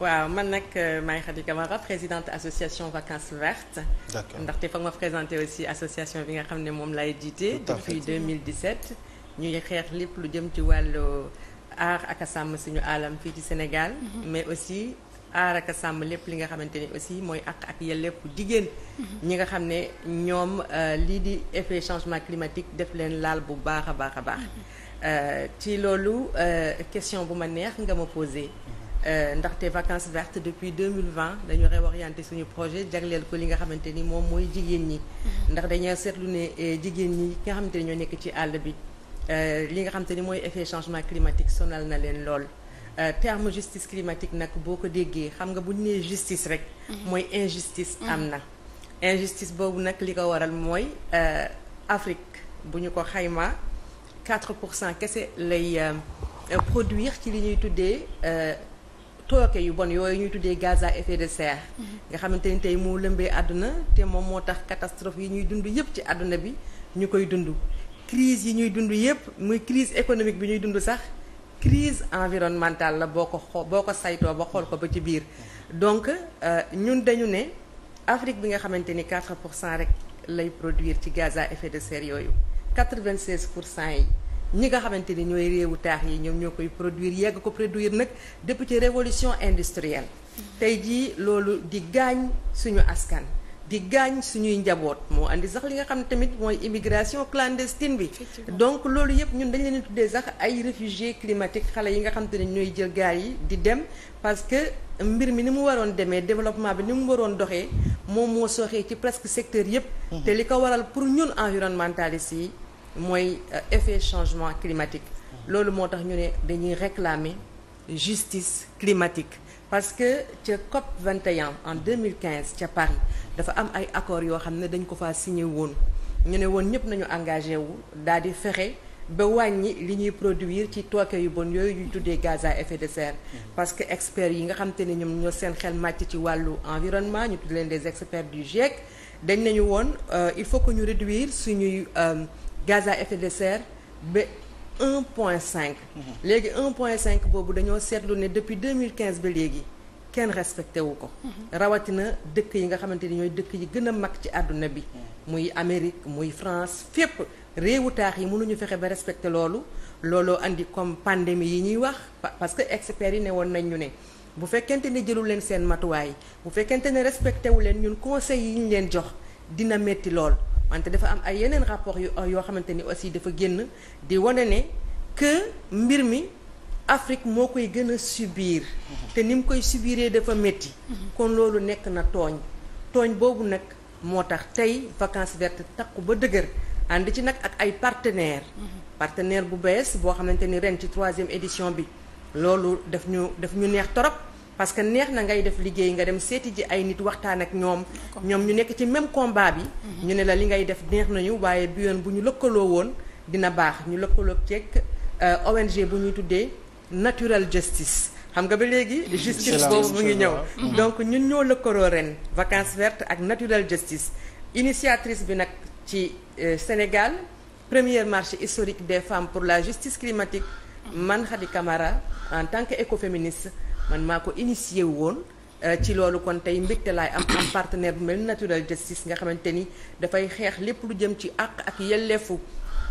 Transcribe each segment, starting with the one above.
waaw man nag euh, maay Khady Camara présidente association Vacances Vertes. d'accord ndaxte fa ma présenter aussi association bi nga xam ne moom laay jiite. depuis 2017. ñuy xeex lépp lu jëm ci wàll aar ak sàmm suñu alam fii ci Sénégal. Mhm. mais aussi aar ak sàmm lépp li nga xamante ni aussi mooy àq ak yelleef jigéen. Mhm. ñi nga xam ne ñoom euh, lii di effet changement climatique def leen laal bu baax a baax a baax. Mhm. Euh, ci loolu question bu ma neex nga ma posé. Euh, ndaxte vacances vertes depuis 2020 dañu réorienté suñu projet jagleel ko li nga xamante ni moom mooy jigéen ñi mhm. ndax dañoo seetlu ne euh, jigéen ñi nga xamante ne ñoo nekk ci àll bi euh, li nga xamante ni mooy effet changement climatique sonal na leen lool terme justice climatique nag boo ko déggee xam nga bu ñu nee justice rek mhm. mooy injustice mhm. am na injustice boobu nag li ko waral mooy Afrique bu ñu ko xayma 4 pour cent kese lay produire ci li ñuy tuddee tooke yu bon yooyu ñuy tuddee gaz à effet de serre. nga xamante ni tey moo lëmbee àdduna te moom moo tax catastrophe yi ñuy dund yëpp ci àdduna bi ñu koy dund. crise yi ñuy dund yëpp muy crise économique bi ñuy dund sax crise environnementale la boo ko xoo boo ko saytoo ba xool ko ba ci biir. donc euh, ñun dañu ne Afrique bi nga xamante ni 4 pour cent rek lay produir ci gaza à effet de serre yooyu 96 pour cent yi. ñi nga xamante ni ñooy réewu taax yi ñoom ñoo koy produire yàgg ko produire nag depuis ci révolution industrielle tey jii loolu di gaañ suñu askan di gaañ suñuy njaboot moo indi sax li nga xam ne tamit mooy immigration clandestine bi donc loolu yëpp ñun dañu leen tuddee sax ay réfugiés climatique xale yi nga xam te ne ñooy jël gaal yi di dem parce que mbir mi ni mu waroon demee développement bi ni mu waroon doxee moom moo sooxee ci presque secteur yëpp mmh. te li ko waral pour ñun environnementalistes yi mooy euh, effet changement climatique loolu moo tax ñu ne dañuy réclamer justice climatique parce que ca COP 21 en 2015 ca Paris dafa am ay accords yoo xam ne dañ ko fa signé woon ñu ne woon ñëpp nañu engagé wu daal di fexe ba wàññi li ñuy produire ci tooke yu bon yooyu ñu tuddee gaz à effet de serre parce que experts yi nga xam te ne ñoom ñoo seen xel màcc ci wàllu environnement ñu tudd leen des experts du GIEC dañ nañu woon euh, il faut que ñu réduire suñuy euh, gaz à effet de serre ba 1.5. léegi 1.5 boobu dañoo seetlu ne depuis 2015 ba léegi kenn respecté wu ko. rawatina dëkk yi nga xamante ni ñooy dëkk yi gën a mag ci àdduna bi. muy Amérique muy France fépp réewu taax yi mënuñu fexe ba respecté loolu looloo indi comme pandémie yi ñuy wax parce que experts yi ne woon nañ ñu ne. bu fekkente ne jëlul leen seen matuwaay bu fekkente ne respecté wu leen ñun conseil yi ñu leen jox dina metti lool wante dafa am ay yeneen rapport yu yoo xamante ni aussi dafa génn di wane ne que mbir mi Afrique moo koy gën a subir te ni mu koy subiree dafa métti kon loolu nekk na tooñ tooñ boobu nag moo tax tey vacances vertes takku ba dëgër ànd ci nag ak ay partenaires partenaire bu bees boo xamante ni ren ci troisième édition bi loolu daf ñu daf ñu neex torop parce que neex na ngay def liggéey nga dem seeti ji ay nit waxtaan ak ñoom ñoom ñu nekk ci même combat bi ñu ne la li ngay def neex nañu waaye bi yoon bu ñu lëkkaloo woon dina baax ñu lëkkaloo ceeg euh, ONG bu ñuy tuddee natural justice xam nga ba léegi justice mu ngi ñëw donc ñun ñoo lëkkaloo ren vacances vertes ak natural justice initiatrice bi nag ci euh, Sénégal première marche historique des femmes pour la justice climatique man Khady Camara en tant que écoféministe man maa ko initié woon euh, ci loolu kon tey mbégte laay am am partenaire bu mel ni Natural Justice nga xamante ni dafay xeex lépp lu jëm ci àq ak yelleefu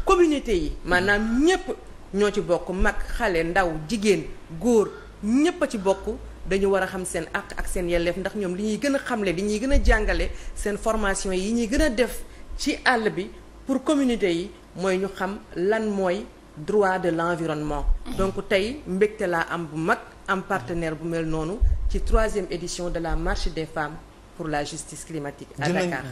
communauté yi maanaam ñépp ñoo ci bokk mag xale ndaw jigéen góor ñépp a ci bokk dañu war a xam seen àq ak seen yelleef ndax ñoom li ñuy gën a xamle li ñuy gën a jàngale seen formation yi ñuy gën a def ci àll bi pour communité yi mooy ñu xam lan mooy droit de l'environnement donc tey mbégte laa am bu mag am partenaire bu mel noonu ci troisième édition de la marché des femmes pour la justice climatique à Dakar